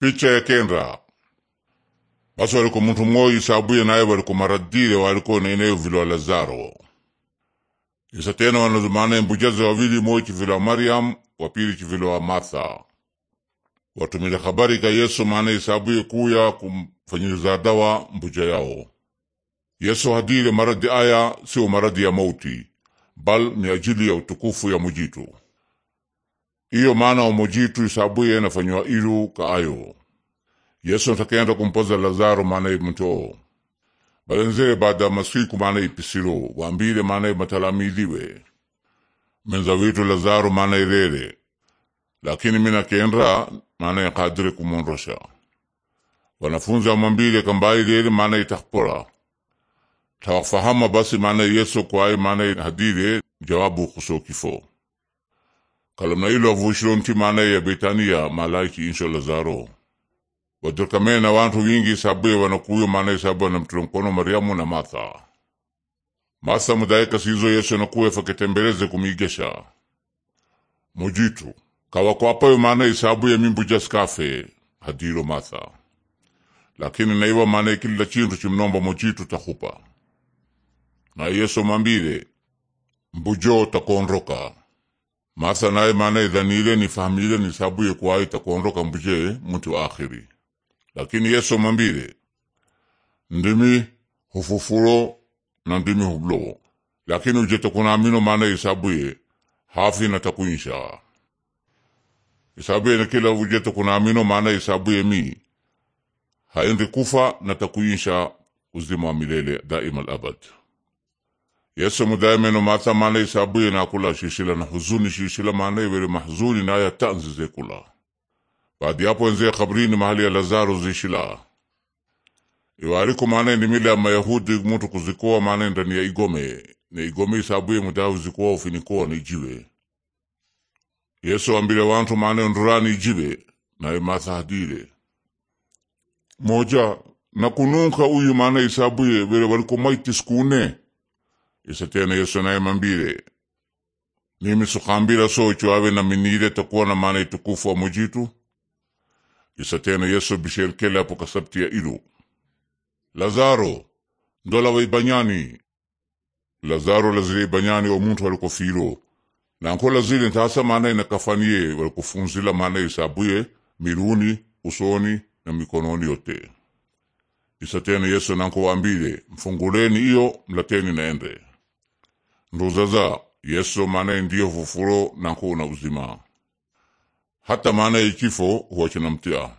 Picha ya kenda basi waliko muntu moyi isaabuye naye waliko maradire waliko nene vilo Lazaro isa tena wanazumana mbujazi wawili moyi chivilo wa Mariam wapili chivilo wa Martha watumile habari ka Yesu maana isaabuye kuya kumfanyiriza dawa mbuja yao Yesu hadile maradi aya sio maradi ya mauti bal ni ajili ya utukufu ya mujitu iyo maana omojitu isabuye nafanywa ilu ka ayo yesu ntakenda kumpoza lazaro maanaye mutoo balenzere baada masiku maanaye pisilo wambile maanaye matalamidiwe menza witu lazaro maanaye lele lakini mina minakenda maanaye kadire kumonrosha wanafunzi amwambile kambayi lele maanaye takpora tawafahama basi maanaye yesu kwaye maanaye hadire jawabu kusokifo kalamnailo avushilonti maana ya Betania malaiki insho Lazaro wadurkame na wantu wingi sabue wanakuyo maana isabue na mtulonkono Mariamu na matha matha mudaika siizo Yesu anakuya faketembeleze kumigesha mujitu kawakwapayo maana isabuye mimbujaskafe hadiro matha lakini naiwa maana kila chintu chimnomba mujitu tahupa na Yesu mambile mbujo takonroka masa naye maana idhanile nifahamiile nisabuye kuwayo takuondoka mbuje eh, mtu akhiri lakini yesu mambile ndimi hufufuro na ndimi hublowo lakini ujete kunaamino maana isabuye hafi na takuinsha isabuye na kila uje takunamino maana isabuye mi haendi kufa na takuinsha uzima wa milele daima alabad Yesu mudayameno mata manayi sabuye nakula shishila na huzuni shishila manayi were mahzuni naya tanzi zekula baadi yapo wenze kabrini mahali ya Lazaro zishila iwariku ni nimile ya Mayahudi mutu kuzikoa manayi ndani ya igome ni igome isabuye mudawu zikoa ufinikoa ni jiwe Yesu ambile wantu manayi ndurani ijiwe naye mata hadire moja nakununka uyu manayi isabuye were wariko maiti skune isatena yesu naye mambile nimi sukambila so ichuawe na minile takuwa na mana itukufu wa mujitu isatena yesu bisherkele apo kasabti ya ilu lazaro ndola ibanyani lazaro lazile ibanyani omuntu walikofilo nanko lazile ntasa mana inakafanie walikofunzila mana isabuye miluni usoni na mikononi yote isatena yesu nanko waambile mfunguleni iyo mlateni naende nduzaza yesu maanaye ndiyo fufuro nanko na uzima hata maanaye ikifo huwachinamtia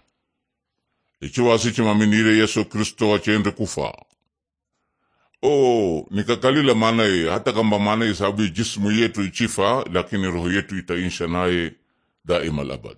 ichiwasichimaminire yesu kristo achende kufa o nikakalila maanaye hata kamba maanaye sababu jismu yetu ichifa lakini roho yetu itainsha naye daima labad